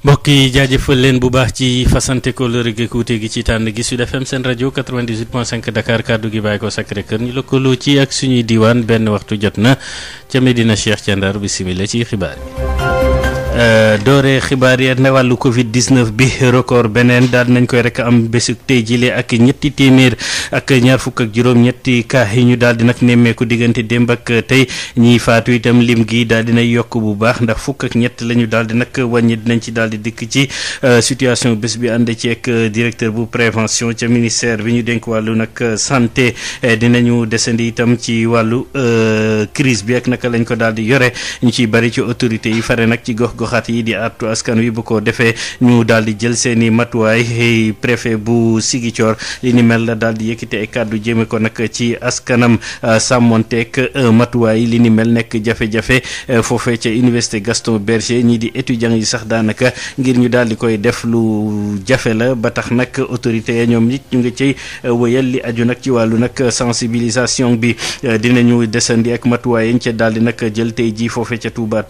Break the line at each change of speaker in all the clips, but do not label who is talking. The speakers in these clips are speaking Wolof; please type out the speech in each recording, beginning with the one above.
mbokk yi jaajëfal leen bu baax ci fasante ko lëre gi kuute gi ci tànn gi Sud FM seen rajo 98.5 Dakar kaddu gi bàyyi ko Sacré Cœur ñu lëkkaloo ci ak suñuy diwaan benn waxtu jot na ca Medina Cheikh ca Ndar bisimila ci xibaar yi Euh, doore xibaar yi ne wàllu Covid bi record beneen daal nañ koy rek am bésug tey jile ak ñetti téeméer ak ñaar fukk ak juróom-ñetti cas yi ñu daal di nag nemmeeku diggante démb ak tey ñiy faatu itam lim gi daal di nay yokk bu baax ndax fukk ak ñett lañu ñu daal di nag wàññi dinañ ci daal di dikk ci euh, situation bés bi ànd ci ak euh, directeur bu prévention ca ministère bi ñu dénk wàllu nag santé dinañu desandi itam ci wàllu crise bi ak naka lañ ko daal yore gox yi di artu askan wi bu ko defee ñu daal di jël seeni matuwaay préfet bu Ziguinchor li ni mel daal di yëkkati ay kàddu jéeme ko nag ci askanam ah, sàmmonteeg ah, matuwaay li ni mel nekk jafe-jafe ah, foofee ca université Gaston Berger ñii di étudiants yi sax daanaka ngir ñu daal di koy def lu jafe la ba tax nag autorité ya ñoom nit ñu ngi ciy wëyal aju nag ci wàllu nag sensibilisation bi dinañu desandi ak matuwaay yi ñu ca daal di jël tey jii foofee ca Touba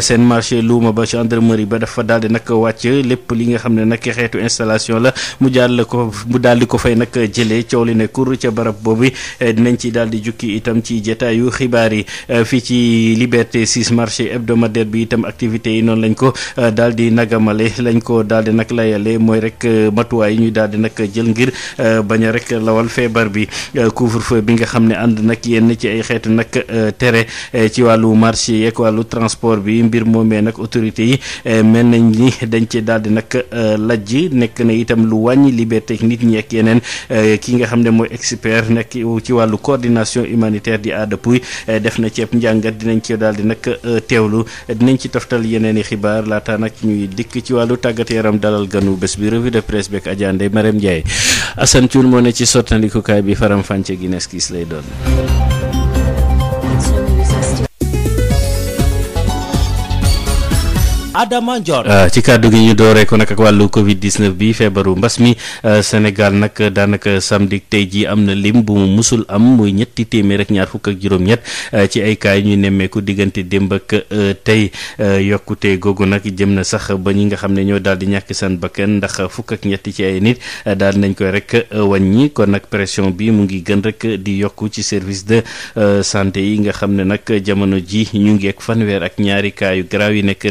seen marché lu àjjuma ba ci gendarmerie ba dafa daal di nag wàcc lépp li nga xam ne nag xeetu installation la mu jàll ko mu daal di ko fay nag jëlee coow li ne kur ca barab boobu eh, dinañ ci daal di jukki itam ci jotaayu xibaar yi eh, fii ci Liberté marché hebdomadaire bi itam activités yi noonu lañ ko eh, daal di nagamale lañ ko daal di nag layale mooy rek matuwaay yi ñu daal di nag jël ngir bañ a rek lawal feebar bi couvre-feu bi nga xam ne ànd nag yenn ci ay xeetu nag tere ci wàllu marché yeeg autorités yi eh, mel nañ ni dañ ci daal di nag eh, lajj nekk na itam lu wàññi liberté nit ñi ak yeneen eh, ki nga xam ne mooy expert nekk ci wàllu coordination humanitaire di Ada Pouy def na ceeb njàngat dinañ ci daal di nag teewlu dinañ ci toftal yeneen i xibaar laata nag ñuy dikk ci wàllu tàggat yaram dalal ganu bés bi revue de presse beeg Adja Ndeye Marème Ndiaye Assane Thioune moo ne ci sottandikukaay bi faram fànce Guinness kiis lay doon. Adama Ndione. Euh, ci kàddu gi ñu dooree ko nag ak wàllu Covid 19 bi feebaru mbas mi euh, Sénégal nag daanaka samedi tey jii am na lim bu mu musul am muy ñetti téeméer ak ñaar fukk ak juróom-ñett euh, ci ay cas yu ñuy nemmeeku diggante démb ak tey yokkute googu nag jëm na sax ba ñi nga xam ne ñoo daal di ñàkk seen bakkan ndax fukk ak ñetti ci ay nit daal nañ koy rek wàññi kon nag pression bi mu ngi gën rek di yokku ci service de santé yi nga xam ne nag jamono ji ñu ngi ak fanweer ak ñaari cas yi nekk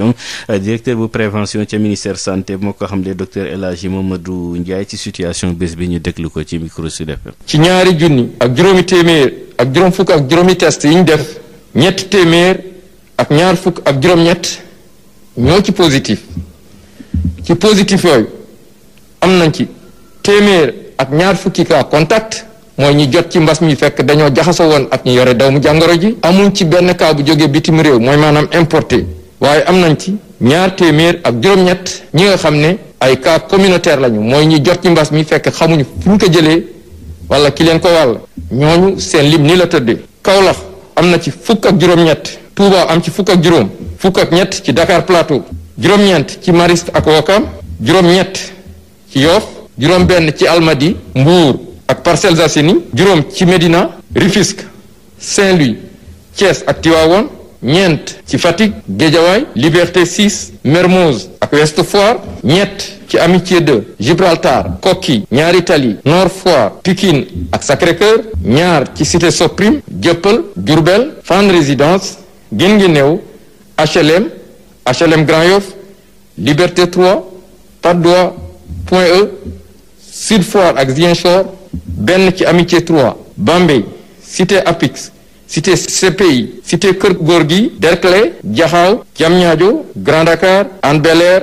population euh, directeur bu prévention ca ministère santé moo ko xam xamle docteur El Hadji Mamadou Ndiaye ci situation bés bi ñu déglu ko ci micro def FM
ci ñaari junni ak juróomi téeméer ak juróom fukk ak juróomi test yi ñu def ñetti téeméer ak ñaar ak juróom-ñett ñoo ci positif ci positif yooyu am nañ ci téeméer ak ñaar fukki cas contact mooy ñi jot ci mbas mi fekk dañoo jaxasoo woon ak ñu yore daw mu jàngoro ji amuñ ci benn cas bu jógee bitim réew mooy maanaam importé waaye am nañ ci ñaar téeméer ak juróom-ñett ñi nga xam ne ay cas communautaire lañu mooy ñi jot ci mbas mi fekk xamuñu fu ñu ko jëlee wala ki leen ko wàll ñooñu seen lim ni la tëddee. Kaolack am na ci fukk ak juróom-ñett Touba am ci fukk ak juróom fukk ak ñett ci Dakar Plateau juróom-ñeent ci Mariste ak Ouakam juróom-ñett ci Yoff juróom-benn ci Almadi Mbour ak Parcelles Assainies juróom ci Médina Rufisque Saint-Louis Thiès ak Tivaouane. ñeent ci Fatick Guédiawaye Liberté 6 Mermoz ak Ouest ñett ci Amitié de Gibraltar Koki ñaari Tali Nord Foire Pikine ak sacré ñaar ci Cité Soprim Dieuppeul Diourbel Fann Résidence Guinguinéo HLM HLM Grand Yoff Liberté 3 Patte Point E Sud Foire ak Ziguinchor benn ci Amitié 3 Bambey Cité Apix cité CPI cité Kër Gorgui Derklé Diakhao Diamniadio Grand Dakar Hann Bel-Air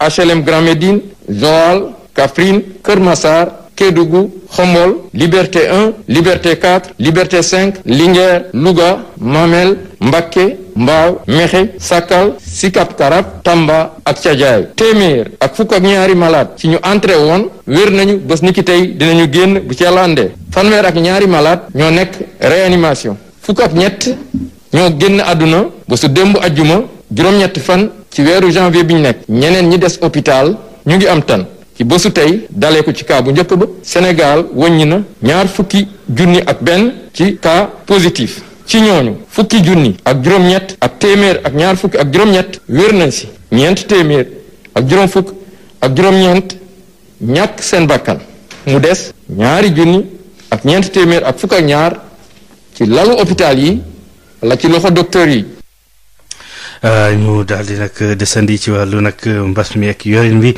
HLM Grand Médine Joal Kaffrine Kër Massar Kédougou Khombol Liberté 1 Liberté 4 Liberté 5 Linguère Louga Mamel Mbacké Mbao Mékhé Sakal Sicap Karab Tamba ak Cadiaye téeméer ak fukk ak ñaari malade ci ñu entré woon wér nañu bés ni ki tey dinañu génn bu ci yàlla àndee fanweer ak ñaari malade ñoo nekk réanimation fukk ak ñett ñoo génn àdduna ba su démb ajjuma juróom-ñetti fan ci weeru janvier bi ñu nekk ñeneen ñi des hôpital ñu ngi am tan ci bésu tey dalee ko ci cas bu njëkk ba Sénégal wàññi na ñaar fukki junni ak benn ci cas positif ci ñooñu fukki junni ak juróom-ñett ak téeméer ak ñaar fukki ak juróom-ñett wér nañ si ñeent téeméer ak juróom fukk ak juróom-ñeent seen bakkan des ñaari junni téeméer ak fukk ak ñaar ci lalu hôpital yi wala ci loxo docteur yi.
Euh, ñu daal di nag desandi ci wàllu nag mbas mi ak yorin bi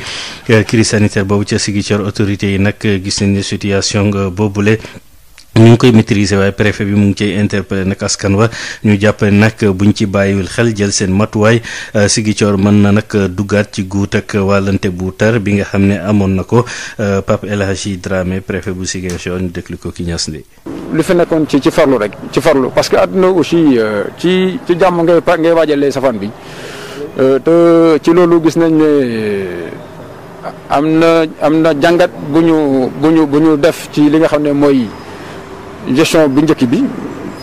euh, crise sanitaire boobu ca Ziguinchor autorité yi nag gis nañ ne situation boobule. ñu ngi koy maîtriser waaye préfet bi mu ngi cay interpellé nag askan wa ñu jàppale nag buñ ci bàyyiwul xel jël seen matuwaay Sigicoor euh, mën na nag duggaat ci guut ak wàllante bu tar bi nga xam ne amoon na ko euh, Pape El Hadji Dramé préfet bu Ziguinchor ñu déglu ko ki ñas li
lu fi nekkoon ci ci farlu rek ci farlu parce que àdduna aussi euh, ci ci jàmm ngay ngay waajalee safaan bi te ci loolu gis nañ ne. am na am na jàngat bu ñu bu ñu bu ñu def ci li nga xam ne mooy gestion bu njëkk bi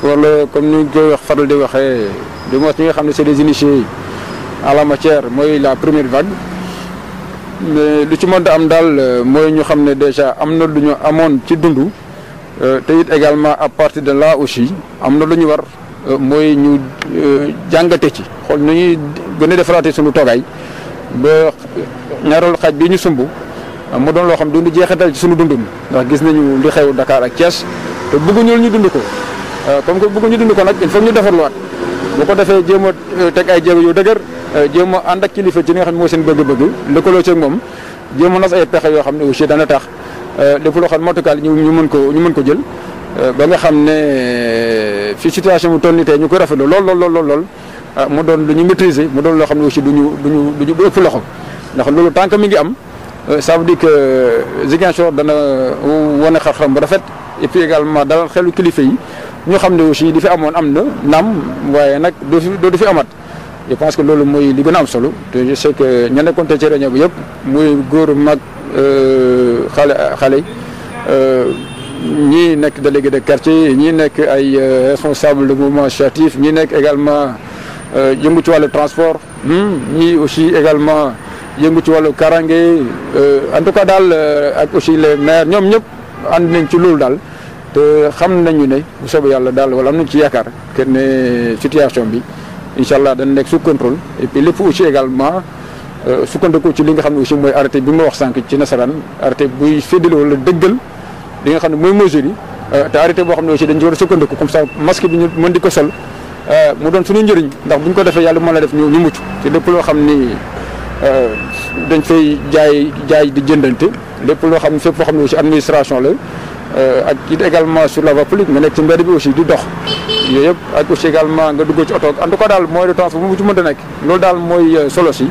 wala comme ni koy wax faral di waxee du moins ñi nga xam ne c'est des initiés à la matière mooy la première vague mais lu ci mën a am daal euh, mooy ñu xam ne déjà am na lu ñu amoon ci dund euh, te it également à partir de la aussi am na lu ñu war euh, mooy ñu jàngate ci xool nu ñuy gën a defaraate suñu toogaay ba ñaareelu xaaj bi ñu sumb mu doon loo xam du jeexital ci suñu dundum ndax gis nañu lu xew Dakar ak Thiès. te bëgguñu ñu dund ko euh, comme que ñu dund ko nag il faut ñu defarluwaat bu ko defee jéem a euh, teg ay jéego yu dëgër euh, jéem a ànd ak kilifa ci li nga xam ne mooy seen bëgg-bëgg lëkkaloo ci ak moom jéem a ay pexe yoo xam ne aussi dana tax lépp loo xam motukaal ñu ñu mën ñu mën ko jël ba nga xam ne fi situation mu toll nii tey ñu koy rafetlu lool lool lool lool mu doon lu ñu maîtriser mu doon loo xam ne aussi du ñu du ñu du ñu ëpp loxo ndax loolu tant que mi ngi am ça veut dire que Ziguinchor dana wane xar-xaram bu rafet. et puis également dalal xelu kilifa yi ñu xam ne aussi di fi amoon am na naam waaye nag doo fi du fi amat je pense que loolu mooy li gën am solo te je sais ña nekkoon ci bi yëpp muy góor mag euh, xale xale euh, ñii nekk délégué de quartier ñii nekk ay euh, responsable de mouvement associatif ñii nekk également yëngu ci wàllu transport hmm, ñii aussi également yëngu ci wàllu karange en tout cas daal ak aussi le maires ñoom ñëpp ànd nañ ci loolu daal te xam nañu ne bu soobee yàlla daal wala am nañu ci yaakaar que ne situation bi incha allah dana nekk sous contrôle et puis lépp aussi également euh, sukkandiku ci li nga xam ne aussi mooy arrêté bi ma wax sànq ci nasaraan arrêté buy féddale wala dëggal li nga xam ne mooy mesure yi euh, te arrêté boo xam ne aussi dañ ci war a sukkandiku comme ça masque bi ñu mën di ko sol euh, mu doon suñu njëriñ ndax bu ñu ko defee yàlla mën la def ñu ñu mucc te lépp loo xam ni dañ fay jaay jaay di jëndante lépp loo xam ne fépp loo xam ne aussi administration la. Euh, ak it également sur la voie nga nekk ci mbedd bi aussi di dox yooyu yëpp ak aussi également nga dugg ci oto en tout cas daal mooy de transport bu mu nekk loolu daal mooy euh, solo si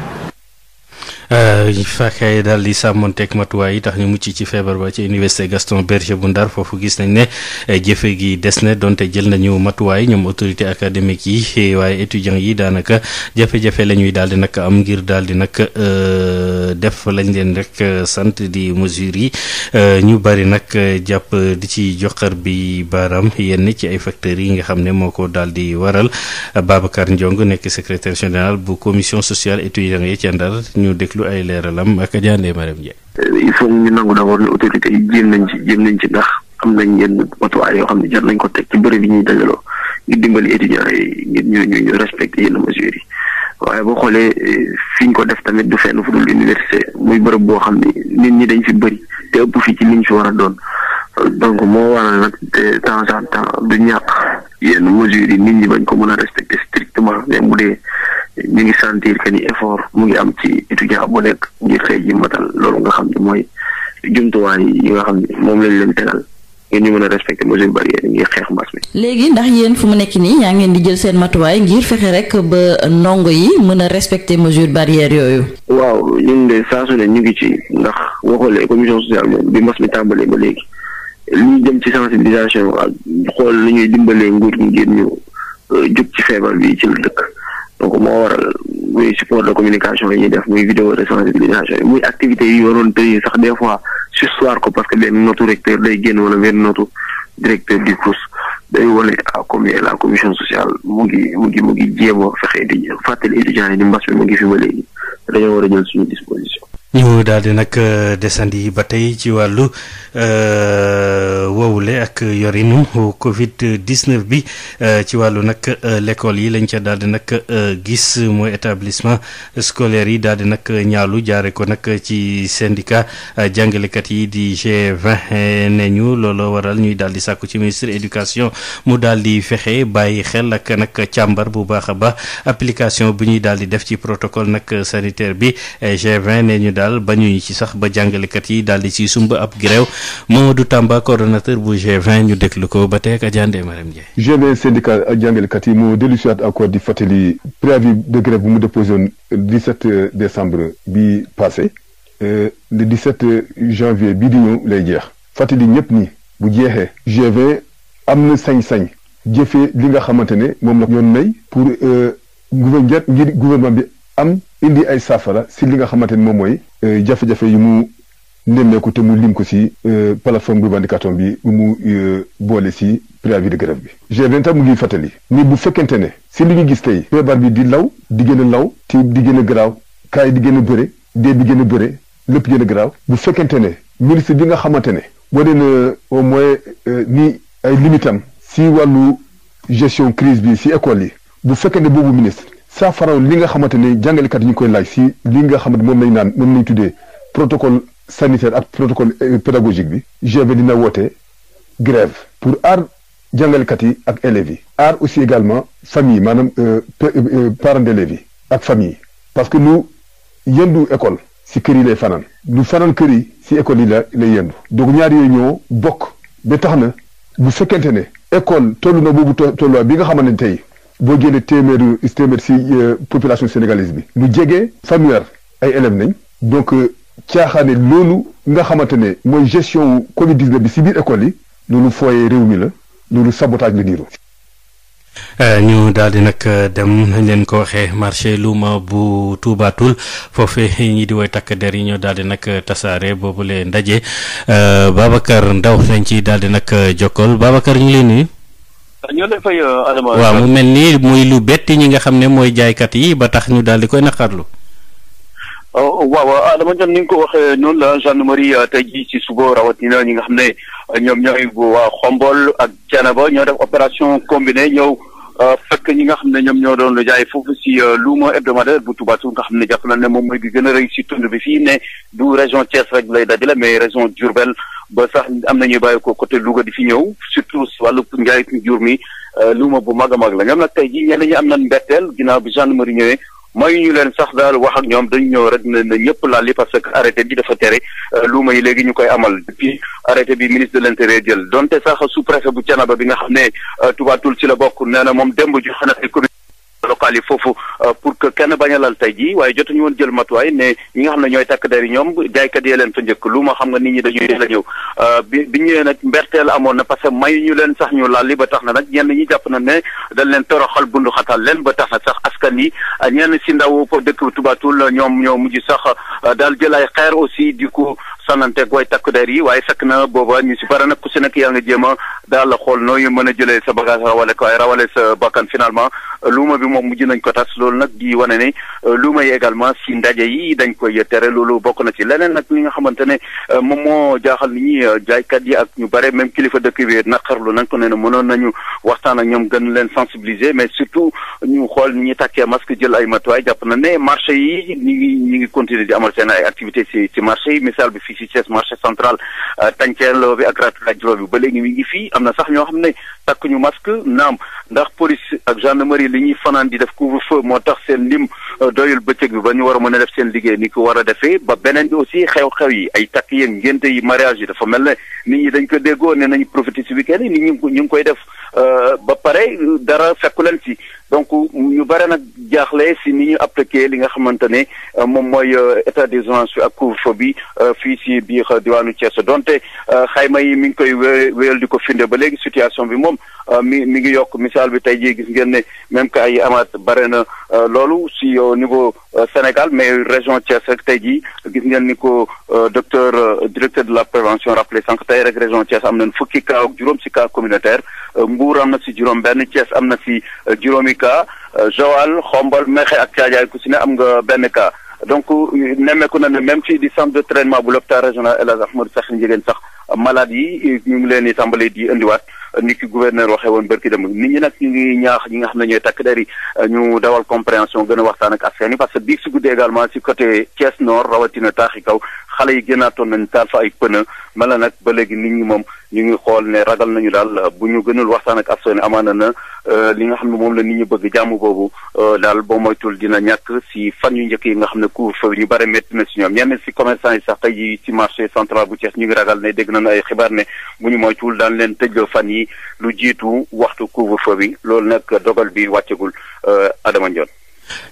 Euh, fexe daal di sàmmonteeg matuwaay yi tax ñu mucc ci feebar ba ci université Gaston Berger bu Ndar foofu gis nañ ne eh, jëfe gi des na donte jël nañu matuwaay ñoom autorité académique yi eh, waaye étudiants yi daanaka jafe-jafe la ñuy daal di nag am ngir daal di nag euh, def lañ leen rek euh, sant di mesures yi ñu bari nag jàpp di ci joxar bi baaraam yenn ci ay facteurs yi nga xam ne moo ko daal di waral Babacar Ndiong nekk secrétaire général bu commission sociale étudiants yi ci déglu ay leeralam ak Diané Marème Ndiaye.
il faut ñu nangu d'abord ne autorités yi jéem nañ ci jéem nañ ci ndax am nañ yenn matuwaay yoo xam ne jar nañ ko teg ci bërëb yi ñuy dajaloo ngir dimbali étudiants yi ngir ñu ñu ñu respecté yenn mesures yi waaye boo xoolee eh, fi ñu ko def tamit du fenn fu dul université muy bërëb boo xam ne nit ñi dañ fi bëri te ëpp fi ci ñu fi war a doon. donc moo waral nag de temps en temps du ñàkk yenn mesures yi nit ñi bañ ko mën a respecter strictement même bu dee ñu ngi sentir que ni effort mu ngi am ci étudiant bu nekk ngir xëy ji loolu nga xam ne mooy jumtuwaay yi nga xam moom lañ leen tegal ngeen ñu mën a respecter mesures barrières ngir xeex mbas mi.
léegi ndax yéen fu mu nekk nii yaa ngeen di jël seen matuwaay ngir fexe rek ba ndongo yi mën a respecter mesures barrières yooyu.
waaw ñun de saa su ne ñu ngi ci ndax boo xoolee commission sociale moom bi mbas mi tàmbalee ba léegi. li dem ci sensibilisation ak xool li ñuy dimbalee nguur gi ngir ñu euh, jóg ci feebar bi ci lu dëkk donc moo waral muy support de communication yi ñuy def muy vidéo de sensibilisation yi muy activité yi waroon tëye sax des fois sussoir ko parce que benn notu recteur day génn wala benn notu directeur du cours day wane à combien commission sociale mu ngi mu ngi mu ngi jéem a fexe di fàttali étudiants yi di mbas bi mu ngi fi ba léegi dañoo war a jël
suñu disposition.
ñu daal di nag euh, desandi ba tey ci wàllu euh, wowule ak yorinu Covid 19 bi euh, ci wàllu nag l'école yi lañ ca daal di nag gis mooy établissement scolaire yi daal di nag ñaalu jaare ko nag ci syndicat jàngalekat yi di G20 ne ñu looloo waral ñuy daal di sàkku ci ministre éducation mu daal di fexe bàyyi xel ak nag càmbar bu baax a baax application bi ñuy daal di def ci protocole nag sanitaire bi G20 ñu daal. daal bañuñu ci sax ba jàngalekat yi daal di sumb ab grève Mamadou Tamba coordonnateur bu G20 ñu déglu ko ba tey ak Adja Ndeye Marème Ndiaye.
G20 syndicat ak jàngalekat yi moo dellu si waat encore di fàttali préavis de grève bu mu déposé woon 17 décembre bi passé euh, le 17 janvier bii di ñëw lay jeex fàttali ñëpp nii bu jeexee g am na sañ-sañ jëfee li nga xamante ne moom la yoon nay pour euh, gouvernement ngir gouvernement bi am indi ay saafara si li nga xamante ni moom mooy euh, jafe-jafe yu mu nemmeeku te mu lim ko si euh, plateforme revendication bi mu euh, boole si préavis de grève bi. G20 mu ngi fàttali nii bu fekkente ne si li ñu gis tey feebar bi di law di gën a law te di gën a garaaw kaay di gën a bëre dee di gën a bëre lépp gën a garaaw bu fekkente ne ministre bi nga xamante ne wane na au moins ni ay limitam si wàllu gestion crise bi si école yi bu fekkee ne boobu ministre. saafara li nga xamante ni jàngalekat yi ñu koy laaj si li nga xamante moom lañ naan moom lañ tuddee protocole sanitaire ak protocole euh, pédagogique bi GV dina woote grève pour aar jàngalekat yi ak élèves yi aar aussi également famille maanaam euh, euh, parents d'élèves yi ak famille parce que nu yendu école si kër yi lay fanaan lu fanaan kër yi si école yi la lay yendu donc ñaar yooyu ñoo bokk ba tax na bu fekkente ne école toll na boobu tolluwaay bi nga xamante ne tey boo jëlee téeméer si euh, population sénégalaise bi lu jege fanweer ay élèves nañ donc euh, caaxaane loolu nga xamante ne mooy gestion Covid 19 bi si biir école yi loolu fooyee réew mi la loolu sabotage la niiru
euh, ñu daal di nag dem nañ leen ko waxee marché luuma bu tuubaatul foofee ñi di woy takk der yi ñoo daal di nag tasaare boobu lee ndaje Babacar Ndaw lañ ci daal di nag jokkal Babacar ñu ngi leen Euh, waaw mu mel nii muy lu bett ñi nga xam ne mooy jaaykat yi ba tax ñu daal di koy naqarlu.
Oh, waaw Adama Ndione ni nga ko waxee noonu la gendarmerie euh, tey jii ci suba rawatina ñi nga xam ne euh, ñoom ñooy waa Xombol ak Thiénaba ñoo def opération combinée ñëw. Euh, fekk ñi nga xam ne ñoom ñoo doon la jaay foofu si euh, luuma hebdomadaire bu Touba Toul nga xam ne jàpp na ne moom mooy gi gën a rëy si tund bi fii ne du région Thiès rek lay dajale mais région Diourbel ba sax am na ñuy bàyyi ko côté Louga di fi ñëw surtout si wàllu njaay jur mi euh, luuma bu mag a mag la ñoom nag tey jii ñenn ñi am na mbetteel ginnaaw bi gendarmerie ñëwee. mayu ñu leen sax daal wax ak ñoom dañu ñëw rek ne ñëpp laal yi parce que arrêté bi dafa tere euh, luuma yi léegi ñu koy amal depuis arrêté bi ministre de l'intérieur jël donte sax su préfet bu Thiénaba bi nga xam ne euh, Touba Toul ci la bokk nee na moom démb joxe na ay commune locales yi foofu euh, pour que kenn bañ a lal tey jii waaye jotuñu woon jël matuwaay ne ñi nga xam ne ñooy takk der yi ñoom jaaykat yee leen fa njëkk lu ma xam nga nit ñi dañuy teel a ñëw euh, bi bi ñëwee nag mberteel amoon na parce que mayuñu leen sax ñu laal li ba tax na nag ñenn ñi jàpp na ne dañ leen toroxal bundu xatal leen ba tax na sax askan yi euh, ñenn si ndaw po dëkk tubaatul ñoom ñoo mujj sax daal jël xeer aussi du coup sanante gooy takk der yi waaye fekk na booba ñu si bara nag ku si yaa nga jéem a daal xool nooyu mën a jëlee sa bagage rawale ko ay rawale sa bakkan finalement luuma moom mujj nañ ko tas loolu nag di wane ne euh, lu may également si ndaje yi dañ koy tere loolu bokk na ci leneen nag li nga xamante ne euh, moom moo jaaxal nit ñi euh, jaaykat yi ak ñu bare même kilifa dëkk bi naqarlu nañ ko ne ne mënoon nañu waxtaan ak ñoom gën leen sensibiliser mais surtout ñu xool ni ñuy tàkkee masque jël ay matuwaay jàpp na ne marché yi ñu ngi ñu ngi continuer di amal seen ay activité ci ci marché yi misaal bi fii ci Thiès marché central tànkeeloo bi ak raatulaaj juróom bi takk ñu masque naam ndax police ak gendarmerie li ñuy fanaan di def couvre-feu moo tax seen lim euh, doyul bëccëg bi ba ñu war a mën a def seen liggéey ni ko war a defee ba beneen bi aussi xew-xew yi ay takk yeeg ngénte yi mariage yi dafa mel ne nit ñi dañ ko déggoo ne nañu profité si week-end yi nit ñi ñu ngi koy def euh, ba pare dara fekku leen si donc ñu bare nag jaaxle si ni ñu appliqué li nga xamante ne euh, moom mooy euh, état d'urgence bi ak couvre-feu bi euh, fii si biir diwaanu sa donte xayma yi mi ngi koy wéyal di ko finde ba léegi situation bi moom mi mi ngi yokk misaal bi tey jii gis ngeen ne même que ay amaat bare na loolu si yow niveau. Euh, Sénégal mais région Thiès rek tey jii gis ngeen ni ko euh, docteur euh, directeur de la prévention rappelé sànq tey rek région Thiès am nañ fukki cas ak juróom si cas communautaire Mbour am na si juróom benn Thiès am na si juróomi ka Joal Xombol Mexe ak Caajaay ku si ne am nga benn cas donc nemmeeku na ne même fi di centre de traitement bu l'hôpital régional El Hadj Ahmadou Sakhir Ndiéguène sax malade yi ñu ngi leen di tàmbali di indiwaat ni ki gouverneur waxee woon bërki dem nit ñi nag ñu ngi ñaax ñi nga xam ne ñooy takk der yi ñu dawal compréhension gën a waxtaan ak askan parce que bii si guddee également si côté Thiès Nord rawatina taaxi kaw xale yi génnaatoon nañ taal fa ay pënë mel nag ba léegi nit ñi moom ñu ngi xool ne ragal nañu daal bu ñu gënul waxtaan ak askan amaana na euh, li nga xam ne moom la nit ñu bëgg jàmm boobu euh, daal boo moytul dina ñàkk si fan yu njëkk yi nga xam ne couvre-feu ñu bare métti na si ñoom ñenn si commerçant yi sax te jii ci marché central bu Thiès ñu ngi ragal ne dégg nañu ay xibaar ne bu ñu moytul daal leen tëjloo fan yi lu jiitu waxtu couvre-feu bi loolu nag dogal bi wàccagul
euh, Adama Ndione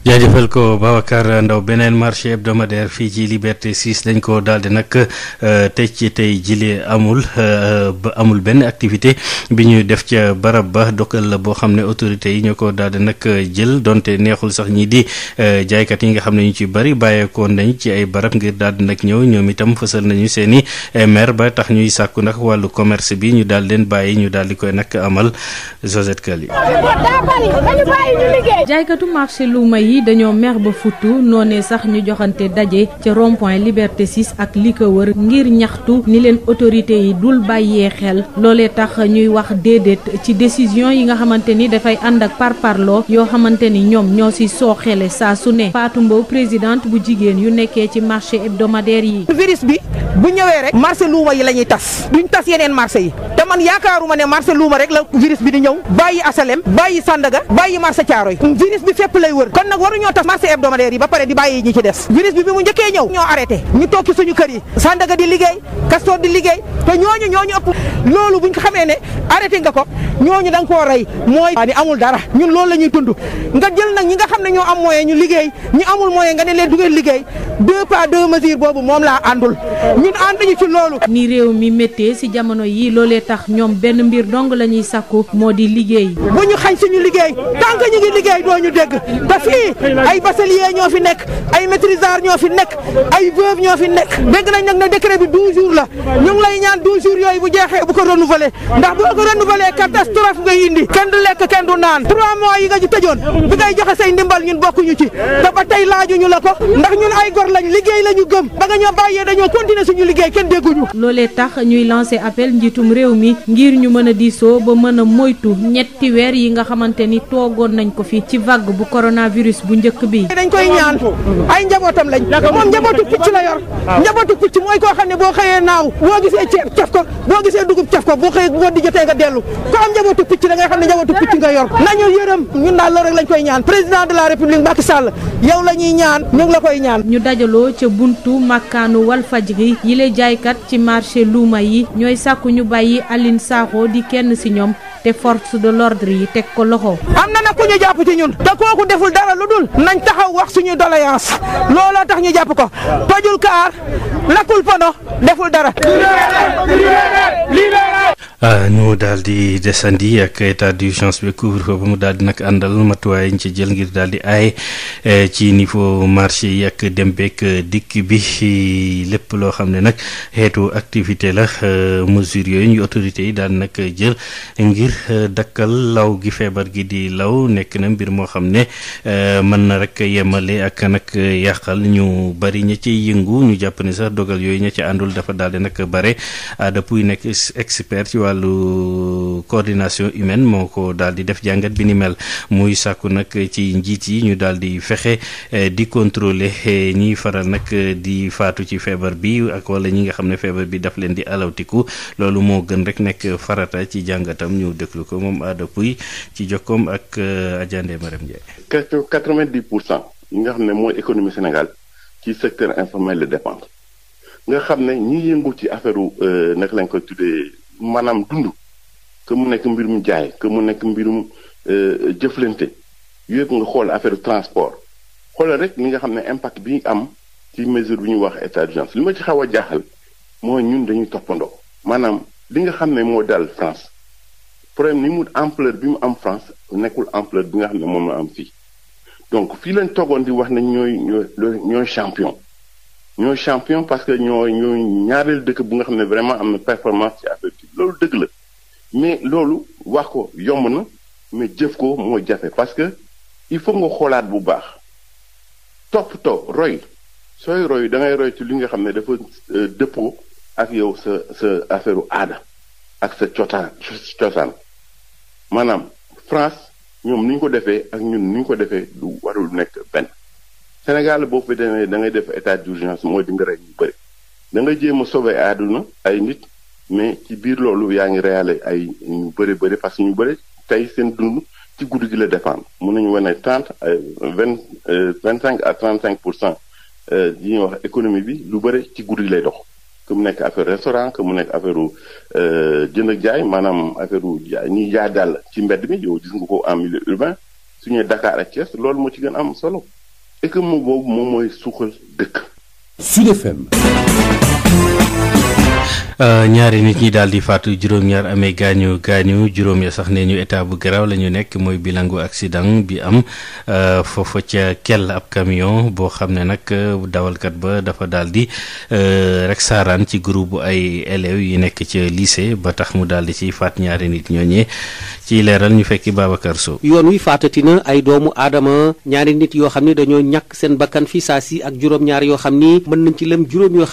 jaajëfal ko Babacar Ndaw beneen marché hebdomadaire fii ci Liberté 6 dañ ko daal di nag euh, tëj ci tey jile amul euh, ba amul benn activité bi ñuy def ca barab ba dogal la boo xam ne autorités yi ñoo ko daal di nag euh, jël donte neexul sax ñi di jaaykat yi nga xam ne ñu ci bëri bàyyeekoon nañ ci ay barab ngir daal di ñëw ñoom itam fësal nañu seen i maire ba tax ñuy sàkku nag wàllu commerce bi ñu daal leen bàyyi ñu daal di koy nag amal Josette Kali.
xaluma yi dañoo mer ba futtu noonee sax ñu joxante daje ca rond point liberté 6 ak li ko wër ngir ñaxtu ni leen autorité yi dul bàyyee xel loolee tax ñuy wax déedéet ci décision yi nga xamante ni dafay ànd ak parparloo yoo xamante ni ñoom ñoo si sooxele saa su ne Fatou présidente bu jigéen yu nekkee ci marché hebdomadaire yi. virus bi bu ñëwee rek marché luuma yi la ñuy tas duñ tas yeneen marché
yi te man yaakaaruma ne marché luuma rek la virus bi di ñëw bàyyi asalem bàyyi sandaga bàyyi marché caaroy virus bi fépp lay wër kon nag waruñoo tas marché hebdomadaire yi ba pare di bàyyi ñi ci des virus bi bi mu njëkkee ñëw ñoo arrêté ñu toog ci suñu kër yi Sandaga di liggéey Castor di liggéey te ñooñu ñooñu ëpp loolu buñ ko xamee ne arrêté nga ko ñooñu da nga koo rey mooy ni amul dara ñun loolu la ñuy tund nga jël nag ñi nga xam ne ñoo am moyen ñu liggéey ñu amul moyen nga ne leen du ngeen liggéey deux pas
deux mesures boobu moom laa àndul ñun ànduñu ci loolu ni réew mi méttee si jamono yi loolee tax ñoom benn mbir dong la ñuy sàkku moo di liggéey bu ñu
fii ay bachelier ñoo fi nekk ay maîtrisards ñoo fi nekk ay veuve ñoo fi nekk dégg nañ nag ne décret bi 12 jours la ñu lay ñaan du jours yooyu bu jeexee bu ko renouveler ndax boo ko renouveler catastrophe ngay indi kenn du lekk kenn du naan 3 mois yi nga ci tëjoon bi ngay joxe say ndimbal ñun bokkuñu ci te ba tey laajuñu la ko ndax ñun ay gor lañ liggéey
la ñu gëm ba nga ñoo bàyyee dañoo continuer suñu liggéey kenn dégguñu. loolee tax ñuy lancer appel njiitum réew mi ngir ñu mën a diisoo ba mën a moytu ñetti weer yi nga xamante ni toogoon nañ ko fi ci vague bu coronavirus coronavirus bu njëkk bi dañ koy ñaan ay njabootam lañ moom njabootu
picc la yor njabootu picc mooy koo xam ne boo xëyee naaw boo gisee ceeb caf ko boo gisee dugub caf ko boo xëyee boo di jotee nga dellu ko am njabootu picc da ngay xam ne njabootu picc nga yor nañu yërëm ñun daal
loolu rek lañ koy ñaan président de la république Macky Sall yow la ñuy ñaan ñu ngi la koy ñaan ñu dajaloo ca buntu makkaanu Walfadjri yi lay jaaykat ci marché luuma yi ñooy sàkku ñu bàyyi Aline Sakho di kenn si ñoom te force de l'ordre yi teg ko loxo. am na nag ku ñu
jàpp ci ñun te kooku deful dara lu dul nañ taxaw wax suñu doléance looloo tax ñu jàpp ko tojul kaar lakkul pono deful dara. libéré libéré libéré
ñu ah, daal di desandi ak état d'urgence bi couvre-feu mu daal di nag àndal matuwaay ñu ci jël ngir daal di aay eh, ci niveau marché yi ak dem beeg eh, dikk bi lépp loo xam ne nag xeetu activité la eh, mesures yooyu ñu autorités yi daal nag jël ngir dakkal law gi feebar gi di law nekk na mbir moo xam ne mën na rek yemale ak nag yàqal ñu bari ña ciy yëngu ñu jàpp ne sax dogal yooyu ña ci àndul dafa daal di nag bare aada puy nekk expert ci wàllu coordination humaine moo ko daal di def jàngat bi ni mel muy sàkku nag ci njiit yi ñu daal di fexe eh, di contrôler eh, ñiy faral nag di faatu ci feebar bi ak wala ñi nga xam ne feebar bi daf leen di alawtiku loolu moo gën rek nekk farata ci jàngatam ñu déglu ko moom aada puy ci jokkoom ak eh, ajande Maram Ndiaye.
quelque quatre-vingt-dix pour cent yi nga xam ne mooy économie Sénégal ci secteur informel de dépense nga xam ne ñi yëngu euh, koy tuddee. maanaam dund que mu nekk mbirum jaay que mu nekk mbirum euh, jëflante yëpp nga xool affaire transport xoolal rek li nga xam ne impact bi am ci mesure bi ñu wax état d'urgence li ma ci xaw a jaaxal mooy ñun dañuy toppandoo maanaam li nga xam ne moo dal France problème ni mu ampleur bi mu am France nekkul ampleur bi nga xam ne moom la am fii donc fii lañ toogoon di wax ne ñooy ñooy ñooy champion ñoo champion parce que ñoo ñoo ñaareel dëkk bu nga xam ne vraiment am na performance ci affaire bi loolu dëgg la mais loolu wax ko yomb na mais jëf ko moo jafe parce que il faut nga xoolaat bu baax toppatoo roy sooy roy da ngay roy ci li nga xam ne dafa euh, dëppoo ak yow sa sa affaire aada ak sa cosaan cosaan maanaam France ñoom ni ñu ko defee ak ñun ni ñu ko defee du warul nekk benn Sénégal boo fi demee da ngay def état d'urgence mooy di nga rey ñu bëri da nga jéem a sauver àdduna ay nit mais ci biir loolu yaa ngi reyale ay ñu bëri bëri parce que ñu bëri tey seen dund ci guddi gi la dépendre mun nañu wane trente euh, vingt euh, vingt cinq à trente cinq pour cent euh, yi ñuy wax économie bi lu bëri ci guddi lay dox. que mu nekk affaire restaurant que mu nekk affaire jënd ak jaay maanaam affaire ñiy jaay dàll ci mbedd mi yow gis ko en milieu urbain su ñëwee Dakar loolu moo ci gën am solo. économie boobu moom mooy suuxal dëkk.
Sud FM. Euh, ñaari nit ñi daal di faatu juróom-ñaar amee gaañu gaañu juróom ya sax ne ñu état bu garaaw la ñu nekk mooy bilangu accident bi am euh, foofa ca kel ab camion boo xam ne nag euh, dawalkat ba dafa daal di rek saaraan ci groupe ay élèves yi nekk ca lycée ba tax mu daal di ciy faat ñaari nit ñooñee ci leeral ñu fekki Babacar Sow.
yoon wi faatati na ay doomu aadama ñaari nit yoo xam ne dañoo ñàkk seen bakkan fi saa si ak juróom-ñaar yoo xam ni mën nañ ci lëm juróom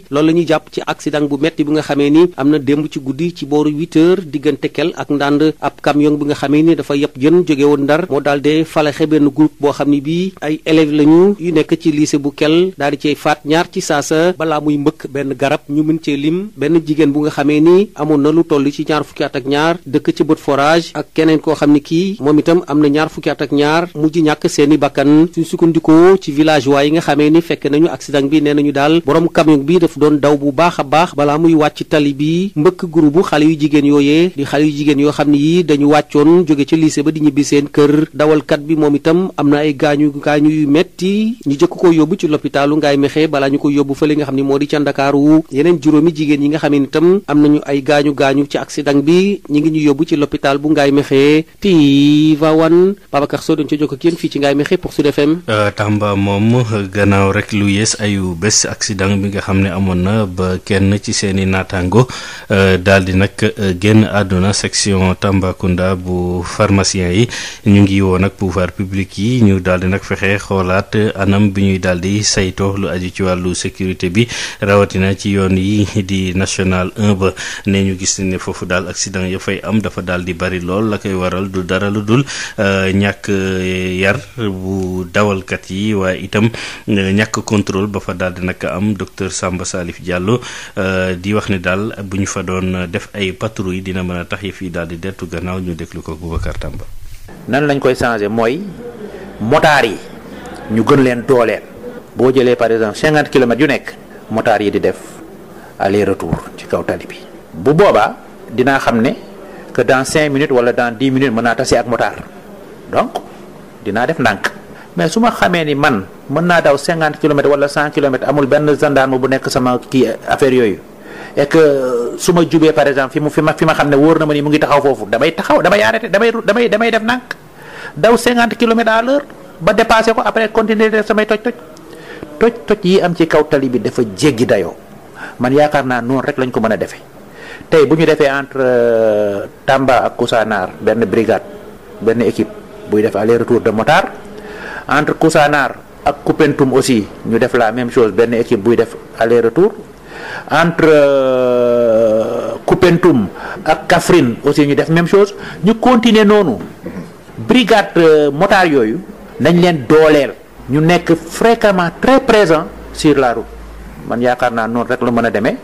yi loolu la ñuy jàpp ci accident bu metti bi nga xamee ni am na démb ci guddi ci booru huit heures diggante kel ak ndànd ab camion bi nga xamee ni dafa yëpp jën jóge woon ndar moo daal fale falaxe benn groupe boo xam ni bii ay élèves lañu yu nekk ci lycée bu kel daal di cay faat ñaar ci saasa balaa muy mbëkk benn garab ñu mën cee lim benn jigéen bu nga xamee ni amoon na lu toll ci ñaar fukki at ak ñaar dëkk ci bët forage ak keneen koo xam ni kii moom itam am na ñaar fukki at ñaar mujj ñàkk seeni bakkan suñ sukkandikoo ci village waa yi xamee ni fekk nañu accident bi nee nañu daal def doon daw bu baax a baax balaa muy wàcc tali bi mbëkk gurubu xale yu jigéen yooyee di xale yu jigéen yoo xam ne yi dañu wàccoon jóge ca lycée ba di ñibbi seen kër dawalkat bi moom itam am na ay gaañu gaañu yu metti ñu jëkk ko yóbbu ci lopitaalu ngaay mexe balaa ñu ko yóbbu fële nga xam ne moo di ca ndakaaru yeneen juróomi jigéen yi nga xam ne itam am nañu ay gaañu gaañu ci accident bi ñu ngi ñu yóbbu ci lopitaal bu ngaay mexe Tivaouane Babacar Sow doon ca jokk ak yéen fii ci ngaay mexe pour Sud FM
euh, Tamba moom gannaaw rek lu yees ayu bés accident bi nga xam ne amoon na ba kenn ci seeni naataango euh, daal di nag euh, génn àdduna section Tambacounda bu pharmacien yi ñu ngi woon ak pouvoir public yi ñu daal di nag fexe xoolaat anam bi ñuy daal di saytoo lu aju ci wàllu sécurité bi rawatina ci yoon yi di national 1 ba ne ñu gis ne foofu daal accident ya fay am dafa daal di bari lool la koy waral du dara lu dul euh, ñàkk yar bu dawalkat yi waaye itam ñàkk contrôle ba fa daal di am docteur Samba Salif Diallo euh, di wax ne daal bu ñu fa doon def ay patrouille dina mën a tax yi fii daal di dettu gannaaw ñu déglu ko Boubacar ba nan lañ koy changé mooy motaar yi ñu gën leen dooleel
boo jëlee par exemple cinquante kilomètres yu nekk motaar yi di def aller retour ci kaw tali bi bu boobaa dinaa xam ne que dans cinq minutes wala dans dix minutes mën naa tase ak motaar donc dinaa def ndànk. mais su ma xamee ni man mën naa daw cinquante kilomètres wala cent kilomètres amul benn gendarme bu nekk sama kii affaire yooyu et que euh, su ma jubee par exemple fi mu fi ma fi ma xam ne wóor na ma ni mu ngi taxaw foofu damay taxaw damay arrêté damay damay damay def nànk daw cinquante kilomètres à l'heure ba dépassé ko après continuer def samay toj toj toj toj yi am ci kaw tali bi dafa jéggi dayoo man yaakaar naa noonu rek lañ ko mën a defee tey bu ñu defee entre euh, Tamba ak Koussanar benn brigade benn équipe buy def aller retour de motard entre Koussanar ak Koupentoum aussi ñu def la même chose benn équipe buy def aller retour entre euh, Koupentoum ak Kaffrine aussi ñu def même chose ñu continuer noonu brigade euh, motard yooyu nañ leen dooleel ñu nekk fréquemment très présent sur la route man yaakaar naa noonu rek la mën a demee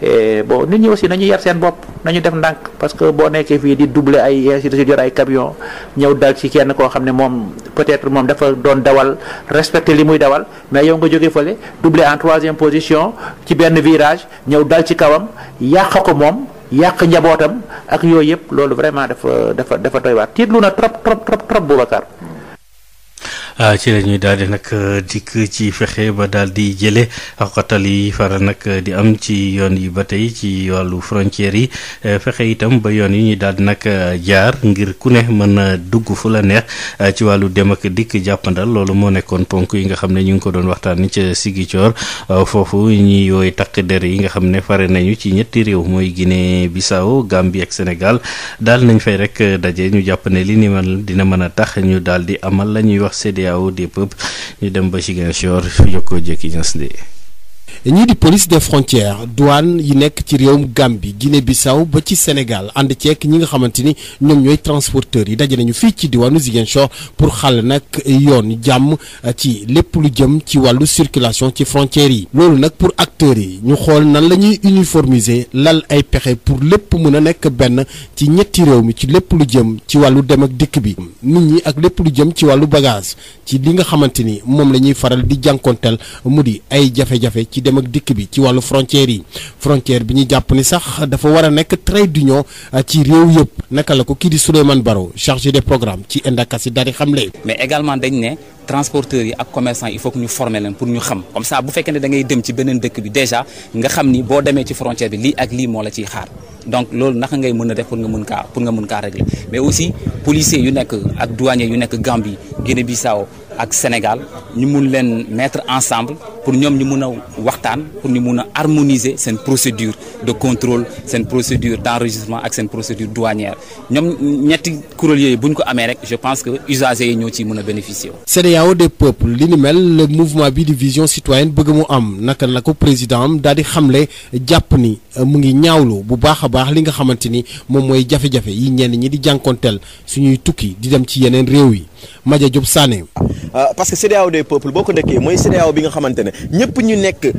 et eh, bon nit ñi aussi nañu yar seen bopp nañu def ndànk parce que boo nekkee fii di doubler ay institut yor ay camion ñëw dal ci kenn koo xam ne moom peut-être moom dafa doon dawal respecter li muy dawal mais yow nga jóge le doubler en troisième position ci benn virage ñëw dal ci kawam yàq ko moom yàq njabootam ak yooyu yëpp loolu vraiment dafa dafa dafa doy waar tiitlu na trop trop trop trop Boubacar
Ah, ci la ñuy daal di nag euh, dikk ci fexe ba daal di jëlee xoqatal yi faral nag euh, di am ci yoon yi ba tey ci wàllu frontières yi eh, fexe itam ba yoon yi ñuy daal di nag euh, jaar ngir ku ne mën a dugg fu la neex ci wàllu dem ak dikk jàppandal loolu moo nekkoon ponk yi nga xam ne ñu ngi ko doon waxtaan ci Ziguinchor foofu ñi yooyu takk der yi nga xam ne fare nañu ci ñetti réew mooy Guinée Bissau Gambie ak Sénégal daal nañ fay rek daje ñu jàpp ne li ni man dina mën a tax ñu daal di amal la ñuy wax CEDEAO CEDEAO des peuples ñu dem ba Ziguinchor yokkoo jékki ñas de ñii di police des frontières douane yi nekk ci réew réewum Gambie
Guinée Bissau ba ci Sénégal ànd ceek ñi nga xamante ni ñoom ñooy transporteurs yi daje nañu fii ci diwaanu Ziguinchor pour xàll nag yoon jàmm euh, ci lépp lu jëm ci wàllu circulation ci frontières yi loolu nag pour acteurs yi ñu xool nan la ñuy uniformiser lal ay pexe pour lépp mën a nekk benn ci ñetti réew mi ci lépp lu jëm ci wàllu dem ak dikk bi nit ñi ak lépp lu jëm ci wàllu bagage ci li nga xamante ni moom la ñuy faral di jànkonteel mu di ay jafe-jafe ci dem dem ak dikk bi ci wàllu frontière yi frontière bi ñu jàpp ni sax dafa war a nekk trait d'union euh, ci réew yëpp naka la ko kii di Souleymane Baro chargé des programmes
ci Endakasi daal di xamle. mais également dañ ne transporteurs yi ak commerçants il faut que ñu former leen pour ñu xam comme ça bu fekkee ne da ngay dem ci beneen dëkk bi déjà nga xam ni boo demee ci frontière bi lii ak lii moo la ciy xaar. donc loolu naka ngay mën a def pour nga mën kaa pour ak Sénégal ñu mun leen mettre ensemble pour ñoom ñu mun a waxtaan pour ñu mun a harmoniser seen procédure de contrôle seen procédure d'enregistrement ak seen procédure douanière ñoom ñetti kuréel yooyu bu ñu ko amee rek je pense que usagers yi ñoo ciy mun a bénéficier
CEDEAO des peuples li ni mel le mouvement bi di vision citoyenne bëgg mu am naka la ko président am daal di xamle jàpp ni euh, mu ngi ñaawlu bu baax a baax li nga xamante ni moom mooy jafe-jafe yi ñenn ñi di jànkonteel suñuy tukki di dem ci yeneen réew yi Madia Diop Sané. Ah, parce que CEDEAO des peuples boo ko dëkkee mooy CEDEAO bi nga xamante ne ñëpp ñu nekk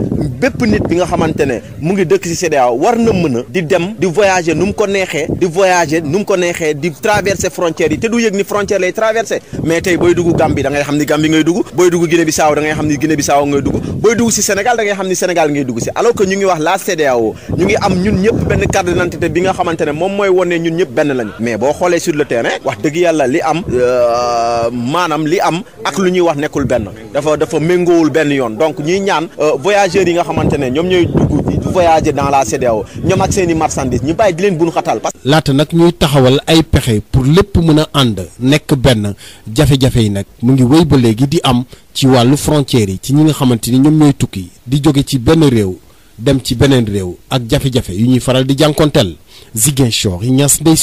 bépp nit bi nga xamante ne mu ngi dëkk ci CEDEAO war na mën di dem di voyager nu mu ko neexee di voyager nu mu ko neexee di traverser frontières yi te du yëg ni frontière lay traverser mais tey booy dugg Gambie da ngay xam ni Gambie ngay dugg booy dugg Guinée Bissau da ngay xam ni Guinée Bissau ngay dugg booy dugg ci Sénégal da ngay xam ni Sénégal ngay dugg ci alors que ñu ngi wax la CEDEAO ñëpp benn carte d'identité bi nga xamante ne moom mooy wone ñun ñëpp benn lañu mais boo xoolee sur le terrain wax dëgg yàlla li am euh, maanaam li am ak lu ñuy wax nekkul benn dafa dafa méngoowul benn yoon donc ñuy ñaan euh, voyageurs yi nga xamante ne ñoom ñooy dugg voyager dans la CEDEAO ñoom ak seeni i marchandises ñu bàyyi di leen bunu xatal parce laata nag ñuy taxawal ay pexe pour lépp mën a ànd nekk benn jafe-jafe yi nag mu ngi wéy ba léegi di am ci wàllu frontières yi ci ñi nga xamante ni ñoom ñooy tukki di joge ci benn réew dem ci beneen réew ak jafe-jafe yu ñuy faral di jànkonteel Ziguinchor Ignace Ndeye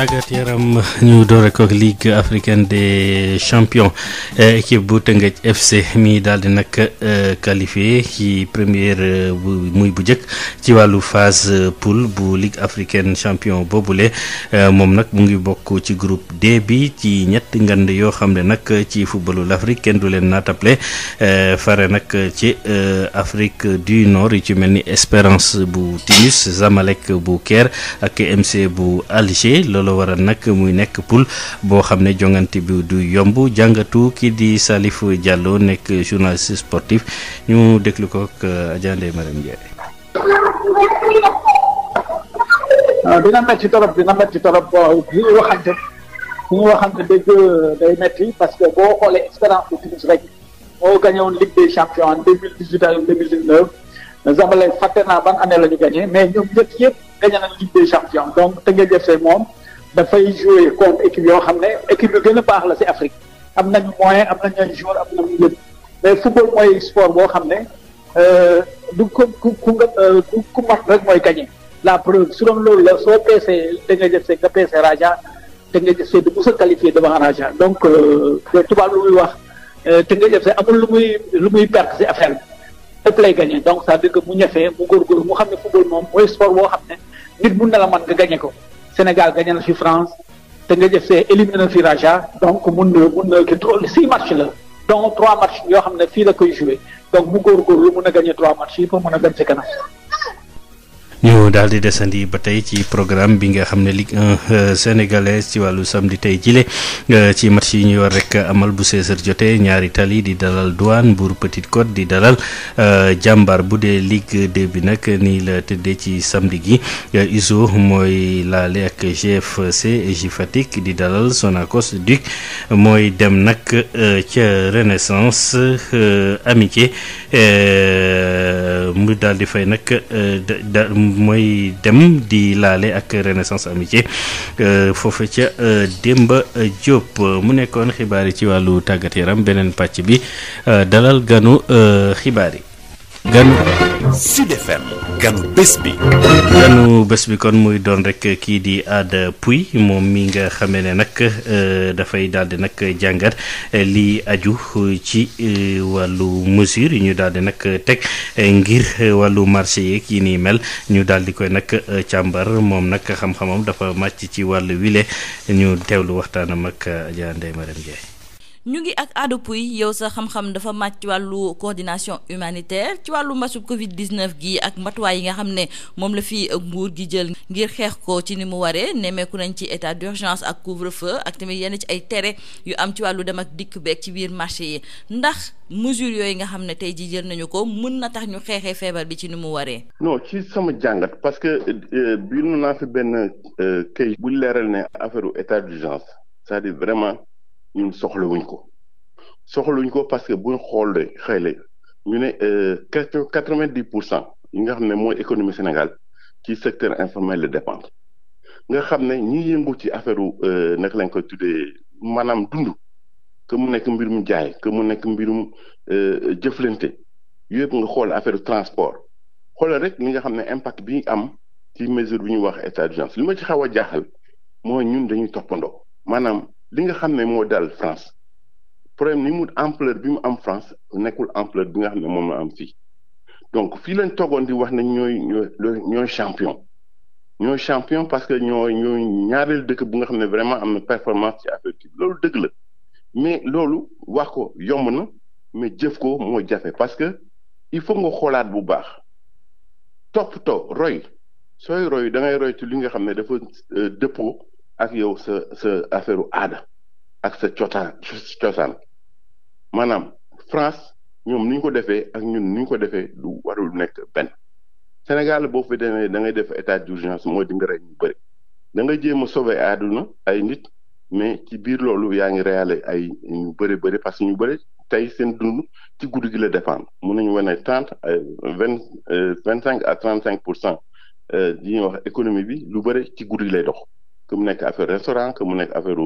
tàggat yaram ñu doore ko ligue africaine des champion eh, équipe bu Tëngëj FC mi daal di nag eh, qualifié ci première bu eh, muy bu njëkk ci wàllu phase poule bu ligue africaine champion boobule moom nag mu ngi bokk ci groupe D bi ci ñetti ngand yoo xam ne nag ci footballu afric kenn du leen naatable fare nag ci Afrique du Nord yu ci mel ni Espérance bu Tunis Zamalek bu Caire ak MC bu Alger loolu waral nag muy nekk poule boo xam ne jongante bi du yomb jàngatu kii di Salif Diallo nekk journaliste sportif ñu déglu ko ak euh, Adja Ndeye Mariam Ndiaye.
Ah, dina metti torop dina metti parce que boo xoolee expérience bu moo gagné woon Ligue des deux mille dix huit ak deux mille dix neuf Zamalek fàtte naa ban année la ñu mais ñoom ñëpp yëpp gagné nañ Ligue des champions donc Teungueth FC moom. dafay jouer contre équipe yoo xam ne équipe yu gën a baax la ci Afrique am nañu moyen am nañu ay joueur am nañu lépp mais football mooy sport boo xam ne euh, du ko ku ku euh, ku mat rek mooy gagné la preuve su loolu la soo peesee da nga jëf see nga da nga jëf see du mos a qualifié devant Raja donc euh, tubaab lu muy wax te nga jëf see amul lu muy lu muy perte ci affaire bi lépp lay gagné donc ça veut mu ñëfee mu xam ne football moom mooy sport boo xam ne nit mun na la mën nga gagné ko. Sénégal gagné na fi France te nga jëf see éliminé na fi Raja donc mun na mun na kii six matchs la donc trois matchs yoo xam ne fii la koy joué donc mu góorgóorlu mun a gagné trois matchs yi pour mun a dem si kanam.
ñu daal di desandi ba tey ci programme bi nga xam ne Ligue 1 euh, ci wàllu samedi tey jile euh, ci match yi ñuy war rek amal bu 16h jotee ñaari tali di dalal douane buur Petite code di dalal euh, jàmbaar bu dee Ligue 2 bi nag nii la tëddee ci samedi gi ISO mooy laale ak GFC EJ di dalal Sonacos Duc mooy dem nag ca Renaissance amitié mu daal di fay nag. mooy dem di laale ak Renaissance Amitié euh, foofa ca euh, Demba euh, Diop mu nekkoon xibaar yi ci wàllu tàggat yaram beneen pàcc bi dalal ganu xibaar yi. ganu bés bi bés bi kon muy doon rek kii di Ada Pouy moom mi nga xame ne nag euh, dafay daal di nag jàngat euh, lii aju ci euh, wàllu mesure yu ñu daal di nag teg ngir wàllu marché yeeg yi ni mel ñu daal di koy nag càmbar moom nag xam-xamam dafa màcc ci wàllu wile ñu teewlu waxtaanam ak Adja Ndeye Mariam
ñu ngi ak Ada Pouye yow sa xam-xam dafa màcc ci wàllu coordination humanitaire ci wàllu mbasub Covid 19 gi ak matuwaay yi nga xam ne moom la fi nguur gi jël ngir xeex ko ci ni mu waree nemmeeku nañ ci état d'urgence ak couvre-feu ak tamit yenn ci ay tere yu am ci wàllu dem ak dikk beeg ci biir marché yi ndax mesures yooyu nga xam ne tey jii jël nañu ko mën na tax ñu xeexee feebar bi ci ni mu waree.
non ci sama jàngat parce que euh, biir naa fi benn euh, kayit bu leeral ñun soxlawuñ ko soxlawuñ ko parce que buñ xoolee xëyle ñu ne euh, quatre vingt dix pour cent yi nga xam ne mooy économie Sénégal ci secteur informel la dépendre nga xam ne ñi yëngu ci affaire euh, naka lañ koy tuddee maanaam dund que mu nekk mbirum jaay que mu nekk mbirum euh, jëflante yëpp nga xool affaire transport xoolal rek li nga xam ne impact bi am ci mesure bi ñuy wax état d'urgence li ma ci xaw a jaaxal mooy ñun dañuy toppandoo maanaam. li nga xam ne moo dal France problème ni mu empleur bi mu am France nekkul empleur bi nga xam ne moom la am fii donc fii lañ toogoon di wax ne ñooy ñooy champion ñooy champion parce que ñooy ñooy ñaareel dëkk bu nga xam ne vraiment am na performance ci affaire bi loolu dëgg la mais loolu wax ko yomb na mais jëf ko moo jafe parce que il faut nga xoolaat bu baax toppatoo roy sooy roy da ngay roy ci li nga xam ne dafa euh, dëppoo. ak yow sa sa affaire aada ak sa cosaan cosaan maanaam France ñoom ni ñu ko defee ak ñun ni ñu ko defee du warul nekk benn Sénégal boo fi demee da ngay def état d'urgence moo di ñu bëri da nga jéem a sauver àdduna ay nit mais ci biir loolu yaa ngi reyale ay ñu bëri bëri parce que ñu bëri tey seen dund ci guddi gi la dépendre mun nañu wane trente euh, vingt euh, vingt cinq à trente cinq pour cent di euh, ñuy wax économie bi lu bëri ci guddi lay dox. que nekk affaire restaurant que mu nekk affaire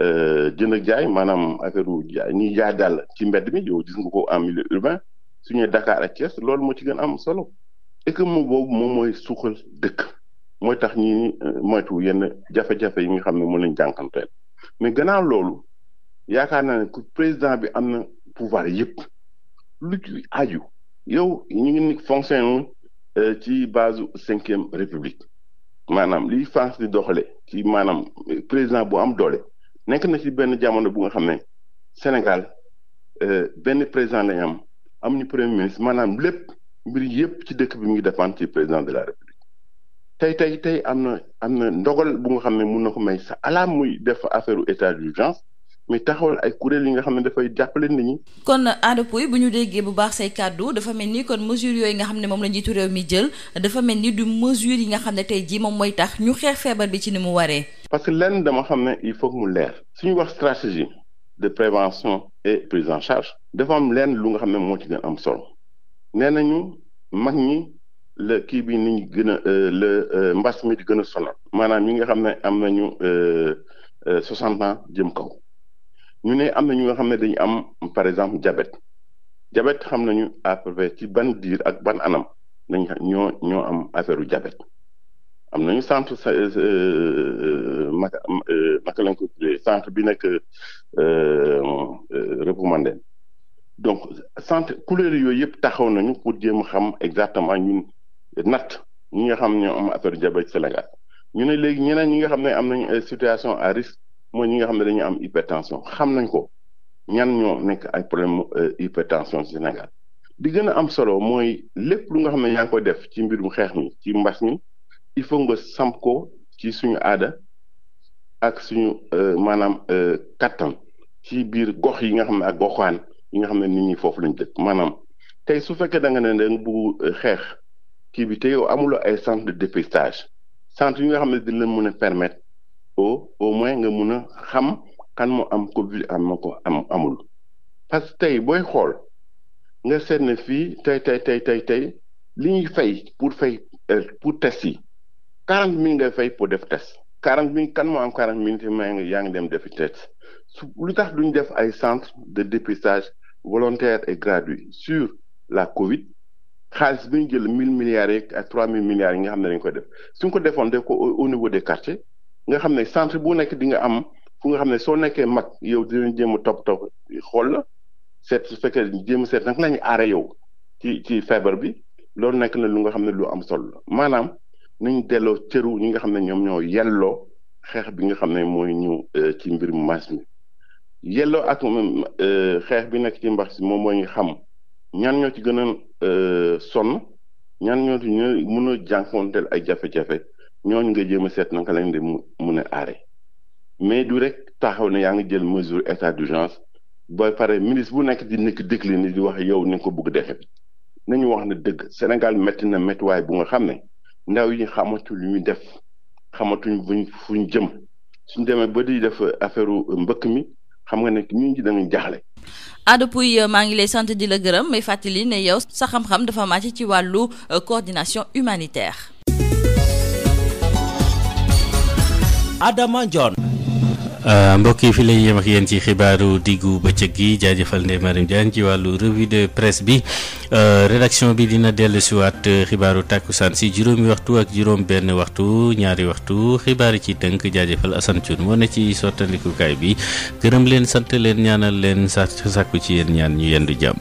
euh, jënd ak jaay maanaam affaire ñuy jaay daal ci mbedd mi yow gis nga ko en milieu urbain su Dakar ak Thiès loolu moo ci gën am solo et que moom boobu moom mooy suuxal dëkk mooy tax ñi euh, moytu yenn jafe-jafe yi nga xam ne moom lañ jànkanteel mi gannaaw loolu yaakaar naa ne ku président bi am na pouvoir yëpp lu ci aju yow ñu ngi ni fonctionné euh, ci base cinquième république maanaam li France di doxale ci maanaam président bu am doole nekk na ci benn jamono bu nga xam ne Sénégal euh, benn président lañ am am ñu premier ministre maanaam lépp mbir yëpp ci dëkk bi mu ngi dépendre ci président de la république tey tey tey am na am na ndogal bu nga xam ne mun na ko may sa alaam muy def affaire état d'urgence mais taxawal ay kuréel yi nga xam ne dafay jàppale nit ñi.
kon Ada Pouye bu ñu déggee bu baax say kàddu dafa mel ni kon mesure yooyu nga xam ne moom la njiitu réew mi jël dafa mel ni du mesure yi nga xam ne tey jii moom mooy tax ñu xeex feebar bi ci ni mu waree.
parce que lenn dama xam ne il faut mu leer suñu wax stratégie de prévention et prise en charge dafa lu nga xam ne moo ci am solo nee nañu mag ñi la kii bi ni gën a euh, la euh, mbas di gën a sonal maanaam ñi nga xam ne am nañu euh, soixante ans jëm kaw. ñu ne am na ñu nga xam ne dañu am par exemple diabète diabète xam nañu à peu ci ban diir ak ban anam dañ ñoo ñoo am affaire u diabète am nañu centre euh, euh, maka euh, maka lañ ko tuddee centre bi nekk recommandé donc centre couleur yooyu yëpp taxaw nañu pour jéem xam exactement ñu nat ñi nga xam ñoo am affaire diabète Sénégal ñu ne léegi ñeneen ñi nga xam ne am nañu situation à risque mooy ñi nga xam ne dañuy am hypertension xam nañ ko ñan ñoo nekk ay problème euh, hypertension ci Sénégal di gën a am solo mooy lépp lu nga xam ne yaa ngi koy def ci mbirum xeex mi ci mbas mi il faut nga samp ko ci suñu aada ak suñu euh, maanaam euh, kattan ci biir gox yi nga xam ne ak goxaan yi nga xam ne nit ñi foofu lañ dëkk maanaam tey su fekkee da nga ne da nga xeex kii bi te yow amuloo ay centre de dépistage centre yi nga xam ne dina leen mën a permettre o au moins nga mun a xam kan moo am Covid am ma ko am amul parce tey booy xool nga seen ne fii tey tey tey tey tey li ñuy fay pour fay euh, pour test yi quarante mille ngay fay pour def tess quarante mille kan moo am quarante mille nga yaa ngi dem defi test su lu tax duñ def ay centre de dépistage volontaire et gratuit sur la Covid xaalis bi ñu jël mille milliards yeeg ak trois mille milliards yi nga ne dañ ko def suñ ko defoon def ko au niveau des quartiers nga xam ne centre bu nekk dinga am fu nga xam ne soo nekkee mag yow dinañ jéem a topp topp xool la seet su fekkee jéem a seet nag lañu aare yow ci ci feebar bi loolu nekk na lu nga xam ne lu am solo la maanaam nañ delloo cëru ñi nga xam ne ñoom ñoo yelloo xeex bi nga xam ne mooy ñëw euh, ci mbir mas mi yelloo ak euh, xeex bi nekk ci mbax si moom mooy ñu xam ñan ñoo ci gën a euh, ñan ñaan ñoo ci mën a del ay jafe-jafe ñooñu nga jéem a seet naka lañ di mu ne aare mais du rek taxaw ne yaa ngi jël mesure état d'urgence ba pare ministre bu nekk di nekk ni di wax yow ni nga ko bëgg defee nañu wax ne dëgg Sénégal métti na méttiwaay bu nga xam ne ndaw yi xamatu lu ñu def xamatuñ buñ fu ñu jëm suñ demee ba di def affaire mbëkk mi xam nga ne ñu ji da nga jaaxle.
Ada euh, maa ngi lay sant di la gërëm may fàttali ne yow sa xam-xam dafa màcc ci wàllu euh, coordination humanitaire. Adama Ndione.
Euh, mbokk yi fi lay yem ak yéen ci xibaaru diggu bëccëg gi jaajëfal Ndeye Mariam Diagne ci wàllu revue de presse bi euh, rédaction bi dina dellusiwaat euh, xibaaru tàkkusaan si juróomi waxtu ak juróom benn waxtu ñaari waxtu xibaar yi ci tënk jaajëfal Assane Thioune moo ne ci sottandikukaay bi gërëm leen sant leen ñaanal leen sàkku ci yéen ñaan ñu yendu jàmm.